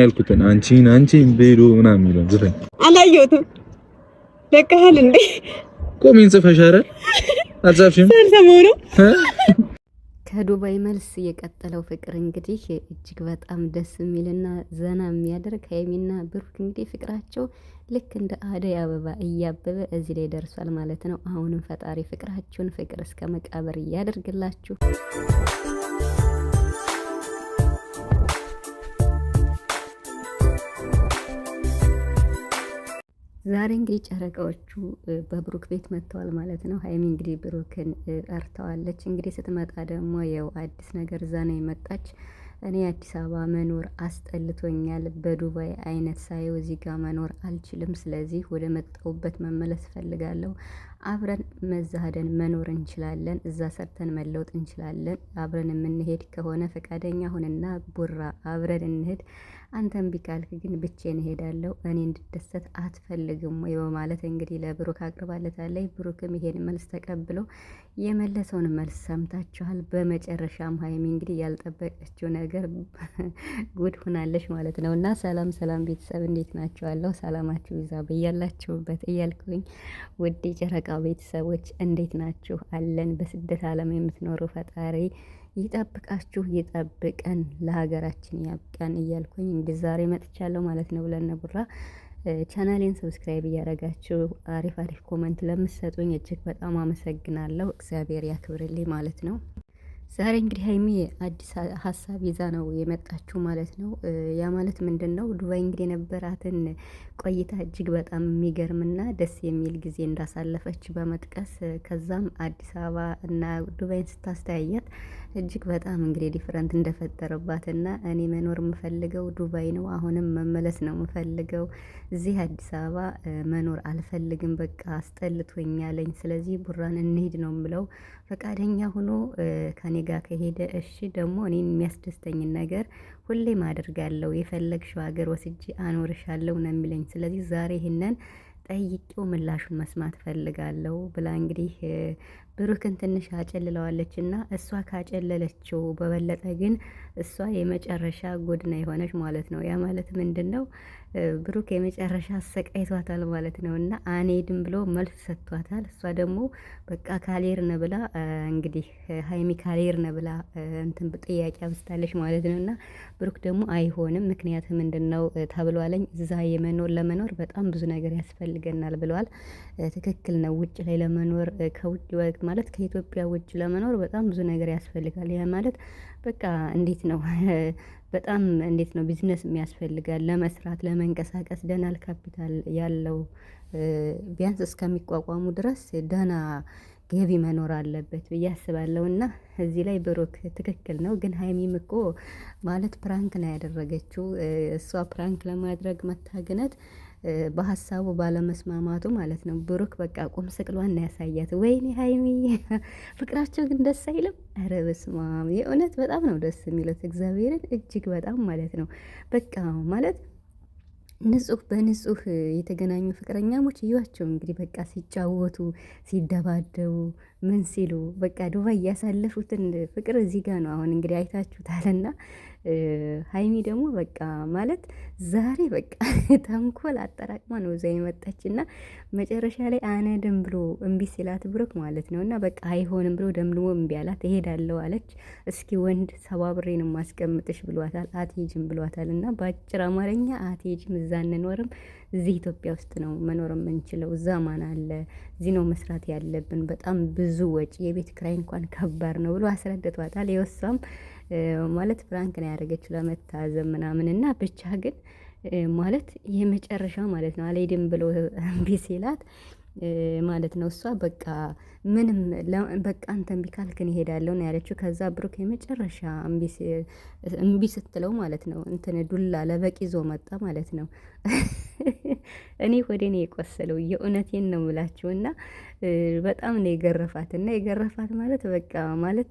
ያልኩትን አንቺን አንቺ ቤዶ ምናምን የሚለው ዝፈኝ አላየሁትም። ለቀሃል እንዴ ቆሜን ጽፈሽ ኧረ አጻፍሽም ሰልሰሞኑ ከዱባይ መልስ የቀጠለው ፍቅር እንግዲህ እጅግ በጣም ደስ የሚልና ዘና የሚያደርግ ሀይሚና ብሩክ እንግዲህ ፍቅራቸው ልክ እንደ አደይ አበባ እያበበ እዚህ ላይ ደርሷል ማለት ነው። አሁንም ፈጣሪ ፍቅራችሁን ፍቅር እስከ መቃብር እያደርግላችሁ ዛሬ እንግዲህ ጨረቃዎቹ በብሩክ ቤት መጥተዋል ማለት ነው። ሀይሚ እንግዲህ ብሩክን ጠርተዋለች። እንግዲህ ስትመጣ ደግሞ የው አዲስ ነገር እዛ ነው የመጣች። እኔ አዲስ አበባ መኖር አስጠልቶኛል፣ በዱባይ አይነት ሳየው እዚህ ጋር መኖር አልችልም። ስለዚህ ወደ መጣሁበት መመለስ እፈልጋለሁ። አብረን መዛህደን መኖር እንችላለን፣ እዛ ሰርተን መለወጥ እንችላለን። አብረን የምንሄድ ከሆነ ፈቃደኛ ሁንና ቡራ አብረን እንሄድ አንተም ቢካልክ ግን ብቼን እሄዳለሁ እኔ እንድደሰት አትፈልግም ወይ በማለት እንግዲህ ለብሩክ አቅርባለታለች። ብሩክም ይሄን መልስ ተቀብሎ የመለሰውን መልስ ሰምታችኋል። በመጨረሻም ሀይሚ እንግዲህ ያልጠበቀችው ነገር ጉድ ሆናለች ማለት ነው። እና ሰላም ሰላም ቤተሰብ እንዴት ናችኋለሁ? ሰላማችሁ ይዛ በያላችሁበት እያልኩኝ ውድ ጨረቃ ቤተሰቦች እንዴት ናችሁ? አለን በስደት ዓለም የምትኖሩ ፈጣሪ ይጠብቃችሁ ይጠብቀን፣ ለሀገራችን ያብቃን እያልኩኝ እንግዲህ ዛሬ መጥቻለሁ ማለት ነው። ብለን ቡራ ቻናሌን ሰብስክራይብ እያደረጋችሁ አሪፍ አሪፍ ኮመንት ለምትሰጡኝ እጅግ በጣም አመሰግናለሁ። እግዚአብሔር ያክብርልኝ ማለት ነው። ዛሬ እንግዲህ ሀይሚ አዲስ ሀሳብ ይዛ ነው የመጣችሁ ማለት ነው። ያ ማለት ምንድን ነው? ዱባይ እንግዲህ የነበራትን ቆይታ እጅግ በጣም የሚገርምና ደስ የሚል ጊዜ እንዳሳለፈች በመጥቀስ ከዛም አዲስ አበባ እና ዱባይን ስታስተያየት እጅግ በጣም እንግዲህ ዲፍረንት እንደፈጠረባትና እኔ መኖር የምፈልገው ዱባይ ነው፣ አሁንም መመለስ ነው የምፈልገው፣ እዚህ አዲስ አበባ መኖር አልፈልግም፣ በቃ አስጠልቶኛለኝ። ስለዚህ ቡራን እንሄድ ነው ምለው ፈቃደኛ ሆኖ ከኔ ጋር ከሄደ እሺ፣ ደግሞ እኔን የሚያስደስተኝን ነገር ሁሌም አድርጋለሁ የፈለግሽው ሀገር ወስጄ አኖርሻለሁ ነው የሚለኝ። ስለዚህ ዛሬ ይህንን ጠይቄው ምላሹን መስማት ፈልጋለሁ ብላ እንግዲህ ብሩክን ትንሽ አጨልለዋለች እና እሷ ካጨለለችው በበለጠ ግን እሷ የመጨረሻ ጎድና የሆነች ማለት ነው። ያ ማለት ምንድን ነው? ብሩክ የመጨረሻ አሰቃይቷታል ማለት ነው እና አኔድም ብሎ መልስ ሰጥቷታል። እሷ ደግሞ በቃ ካሌር ነ ብላ እንግዲህ ሀይሚ ካሌር ነ ብላ እንትን ጥያቄ አብስታለች ማለት ነው እና ብሩክ ደግሞ አይሆንም፣ ምክንያት ምንድን ነው ተብሏለኝ፣ እዛ የመኖር ለመኖር በጣም ብዙ ነገር ያስፈልገናል ብለዋል። ትክክል ነው። ውጭ ላይ ለመኖር ከውጭ ማለት ከኢትዮጵያ ውጭ ለመኖር በጣም ብዙ ነገር ያስፈልጋል። ያ ማለት በቃ እንዴት ነው በጣም እንዴት ነው ቢዝነስ የሚያስፈልጋል ለመስራት ለመንቀሳቀስ ደህና ካፒታል ያለው ቢያንስ እስከሚቋቋሙ ድረስ ደህና ገቢ መኖር አለበት ብዬ አስባለሁ። እና እዚህ ላይ ብሩክ ትክክል ነው። ግን ሀይሚም እኮ ማለት ፕራንክ ነው ያደረገችው። እሷ ፕራንክ ለማድረግ መታገነት በሀሳቡ ባለመስማማቱ ማለት ነው። ብሩክ በቃ ቁም ስቅሏን ያሳያት። ወይኔ ሀይሚ ፍቅራቸው ግን ደስ አይልም። ኧረ በስመ አብ የእውነት በጣም ነው ደስ የሚለት እግዚአብሔርን እጅግ በጣም ማለት ነው። በቃ ማለት ንጹህ በንጹህ የተገናኙ ፍቅረኛሞች እያቸው እንግዲህ በቃ ሲጫወቱ፣ ሲደባደቡ ምን ሲሉ በቃ ዱባይ እያሳለፉትን ፍቅር እዚህ ጋ ነው አሁን እንግዲህ አይታችሁታልና ሀይሚ ደግሞ በቃ ማለት ዛሬ በቃ ተንኮል አጠራቅማ ነው እዛ የመጣች እና መጨረሻ ላይ አነ ደም ብሎ እምቢ ሲላት ብሩክ ማለት ነው እና በቃ አይሆንም ብሎ ደምድሞ እምቢ አላት። እሄዳለሁ አለች። እስኪ ወንድ ሰባብሬ ነው ማስቀምጥሽ ብሏታል። አትሄጂም ብሏታል። እና በአጭር አማርኛ አትሄጂም፣ እዛ እንኖርም፣ እዚህ ኢትዮጵያ ውስጥ ነው መኖር የምንችለው። እዛ ማን አለ? እዚህ ነው መስራት ያለብን። በጣም ብዙ ወጪ፣ የቤት ክራይ እንኳን ከባድ ነው ብሎ አስረድቷታል። የወሷም ማለት ፍራንክ ነው ያደረገችው ለመታዘብ ምናምን እና ብቻ ግን ማለት የመጨረሻ ማለት ነው አልሄድም ብሎ እምቢ ሲላት ማለት ነው እሷ በቃ ምንም በቃ አንተ እምቢ ካልክን ይሄዳለሁ ነው ያለችው። ከዛ ብሩክ የመጨረሻ እምቢ ስትለው ማለት ነው እንትን ዱላ ለበቂ ይዞ መጣ ማለት ነው። እኔ ሆዴ የቆሰለው። የእውነቴን ነው ብላችሁና በጣም ነው የገረፋት እና የገረፋት ማለት በቃ ማለት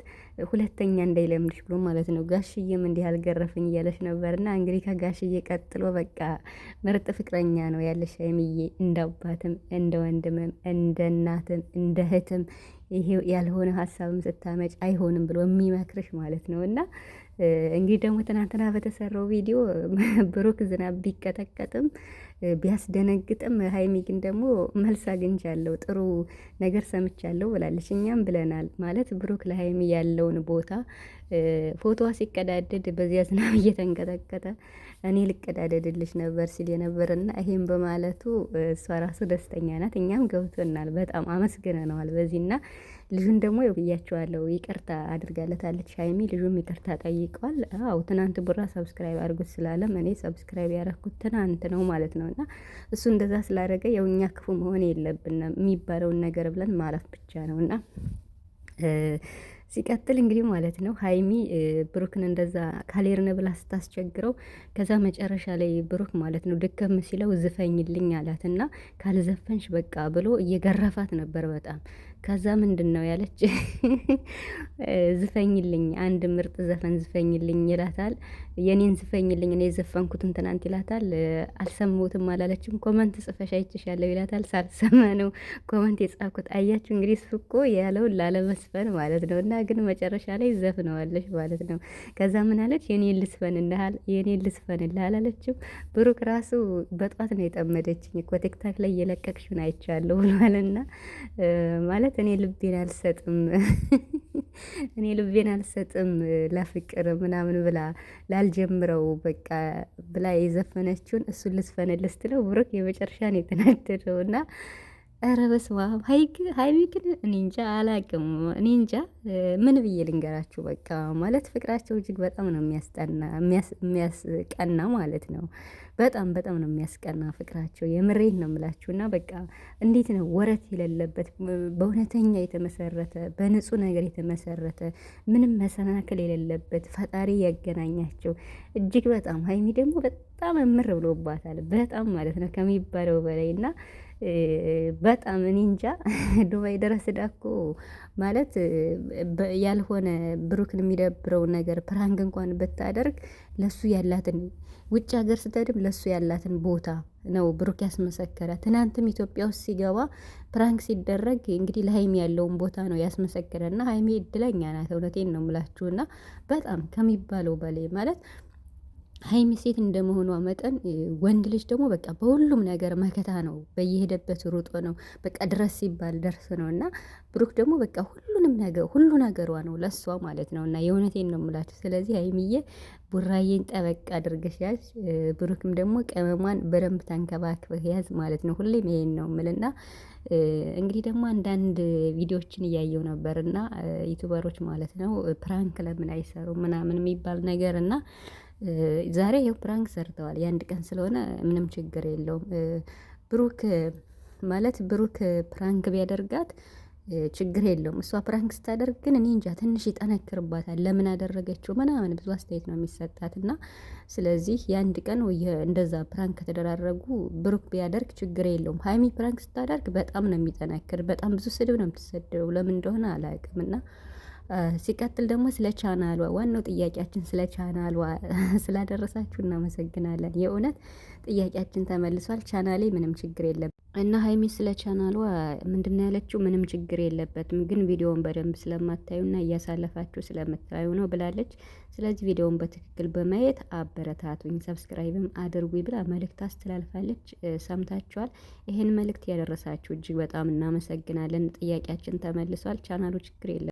ሁለተኛ እንዳይለምድሽ ብሎ ማለት ነው። ጋሽዬም እንዲህ አልገረፍኝ እያለች ነበርና እንግዲህ ከጋሽዬ ቀጥሎ በቃ ምርጥ ፍቅረኛ ነው ያለሽ ሀይሚዬ። እንደ አባትም እንደ ወንድምም እንደ እናትም እንደ እህትም ይሄ ያልሆነ ሀሳብም ስታመጭ አይሆንም ብሎ የሚመክርሽ ማለት ነው። እና እንግዲህ ደግሞ ትናንትና በተሰራው ቪዲዮ ብሩክ ዝናብ ቢቀጠቀጥም ቢያስደነግጥም ሀይሚ ግን ደግሞ መልስ አግኝቻለሁ፣ ጥሩ ነገር ሰምቻለሁ ብላለች። እኛም ብለናል ማለት ብሩክ ለሀይሚ ያለውን ቦታ ፎቶዋ ሲቀዳደድ በዚያ ዝናብ እየተንቀጠቀጠ እኔ ልቀዳደድልሽ ነበር ሲል የነበርና ይሄም በማለቱ እሷ ራሱ ደስተኛ ናት። እኛም ገብቶናል፣ በጣም አመስግነነዋል በዚህና ልጁን ደግሞ ብያቸዋለሁ፣ ይቅርታ አድርጋለታለች ሀይሚ። ልጁም ይቅርታ ጠይቋል። አው ትናንት ቡራ ሰብስክራይብ አድርጉት ስላለም እኔ ሰብስክራይብ ያረኩት ትናንት ነው ማለት ነው። እና እሱ እንደዛ ስላደረገ ያው እኛ ክፉ መሆን የለብንም የሚባለውን ነገር ብለን ማለፍ ብቻ ነው እና ሲቀጥል እንግዲህ ማለት ነው ሀይሚ ብሩክን እንደዛ ካሌርን ብላ ስታስቸግረው ከዛ መጨረሻ ላይ ብሩክ ማለት ነው ድከም ሲለው ዝፈኝልኝ አላት እና ካልዘፈንሽ በቃ ብሎ እየገረፋት ነበር በጣም ከዛ ምንድን ነው ያለች ዝፈኝልኝ አንድ ምርጥ ዘፈን ዝፈኝልኝ ይላታል የኔን ዝፈኝልኝ እኔ የዘፈንኩትን ትናንት ይላታል አልሰማሁትም አላለችም ኮመንት ጽፈሽ አይችሻለሁ ይላታል ሳልሰማ ነው ኮመንት የጻፍኩት አያችሁ እንግዲህ እሱ እኮ ያለውን ላለመስፈን ማለት ነው እና ግን መጨረሻ ላይ ዘፍነዋለች ማለት ነው። ከዛ ምን አለች? የኔ ልስፈን እንዳል የኔን ልስፈን እንዳል አለችው። ብሩክ ራሱ በጧት ነው የጠመደችኝ እኮ ቲክታክ ላይ እየለቀቅሽን አይቻለሁ ብሏልና ማለት እኔ ልቤን አልሰጥም እኔ ልቤን አልሰጥም ለፍቅር ምናምን ብላ ላልጀምረው በቃ ብላ የዘፈነችውን እሱን ልስፈን ልስትለው ብሩክ የመጨረሻ ነው የተናደደው እና ኧረ በስመ አብ ሀይሚ ግን እኔ እንጃ አላቅም። እኔ እንጃ ምን ብዬ ልንገራችሁ። በቃ ማለት ፍቅራቸው እጅግ በጣም ነው የሚያስጠና የሚያስቀና ማለት ነው። በጣም በጣም ነው የሚያስቀና ፍቅራቸው። የምሬት ነው የምላችሁ። እና በቃ እንዴት ነው ወረት የሌለበት በእውነተኛ የተመሰረተ በንጹህ ነገር የተመሰረተ ምንም መሰናክል የሌለበት ፈጣሪ ያገናኛቸው እጅግ በጣም ሀይሚ ደግሞ በጣም እምር ብሎባታል። በጣም ማለት ነው ከሚባለው በላይ እና በጣም እኔ እንጃ ዱባይ ድረስ ዳኮ ማለት ያልሆነ ብሩክን የሚደብረው ነገር ፕራንክ እንኳን ብታደርግ ለሱ ያላትን ውጭ ሀገር ስትሄድም ለሱ ያላትን ቦታ ነው ብሩክ ያስመሰከረ። ትናንትም ኢትዮጵያ ውስጥ ሲገባ ፕራንክ ሲደረግ እንግዲህ ለሀይሚ ያለውን ቦታ ነው ያስመሰከረ እና ሀይሚ እድለኛ ናት። እውነቴን ነው የምላችሁና በጣም ከሚባለው በላይ ማለት ሀይሚ ሴት እንደመሆኗ መጠን ወንድ ልጅ ደግሞ በቃ በሁሉም ነገር መከታ ነው። በየሄደበት ሩጦ ነው። በቃ ድረስ ሲባል ደርስ ነው እና ብሩክ ደግሞ በቃ ሁሉንም ነገር ሁሉ ነገሯ ነው ለሷ ማለት ነው። እና የእውነቴን ነው የምላችሁ። ስለዚህ ሀይሚዬ ቡራዬን ጠበቅ አድርገሽ ያዝ፣ ብሩክም ደግሞ ቀመሟን በደንብ ተንከባክበህ ያዝ ማለት ነው። ሁሌም ይሄን ነው የምልና እንግዲህ ደግሞ አንዳንድ ቪዲዮዎችን እያየው ነበር እና ዩቱበሮች ማለት ነው ፕራንክ ለምን አይሰሩ ምናምን የሚባል ነገር እና ዛሬ ይኸው ፕራንክ ሰርተዋል። የአንድ ቀን ስለሆነ ምንም ችግር የለውም። ብሩክ ማለት ብሩክ ፕራንክ ቢያደርጋት ችግር የለውም። እሷ ፕራንክ ስታደርግ ግን እኔ እንጃ ትንሽ ይጠነክርባታል። ለምን አደረገችው ምናምን ብዙ አስተያየት ነው የሚሰጣት እና ስለዚህ የአንድ ቀን እንደዛ ፕራንክ ከተደራረጉ ብሩክ ቢያደርግ ችግር የለውም። ሀይሚ ፕራንክ ስታደርግ በጣም ነው የሚጠነክር። በጣም ብዙ ስድብ ነው የምትሰደው። ለምን እንደሆነ አላውቅም እና ሲቀጥል ደግሞ ስለ ቻናሏ ዋናው ጥያቄያችን ስለ ቻናሏ ስላደረሳችሁ እናመሰግናለን። የእውነት ጥያቄያችን ተመልሷል። ቻናሌ ምንም ችግር የለም እና ሀይሚ ስለ ቻናሏ ምንድነው ያለችው? ምንም ችግር የለበትም ግን ቪዲዮውን በደንብ ስለማታዩና እያሳለፋችሁ ስለምታዩ ነው ብላለች። ስለዚህ ቪዲዮውን በትክክል በማየት አበረታቱኝ፣ ሰብስክራይብም አድርጉ ብላ መልእክት አስተላልፋለች። ሰምታችኋል። ይህን መልእክት ያደረሳችሁ እጅግ በጣም እናመሰግናለን። ጥያቄያችን ተመልሷል። ቻናሉ ችግር የለም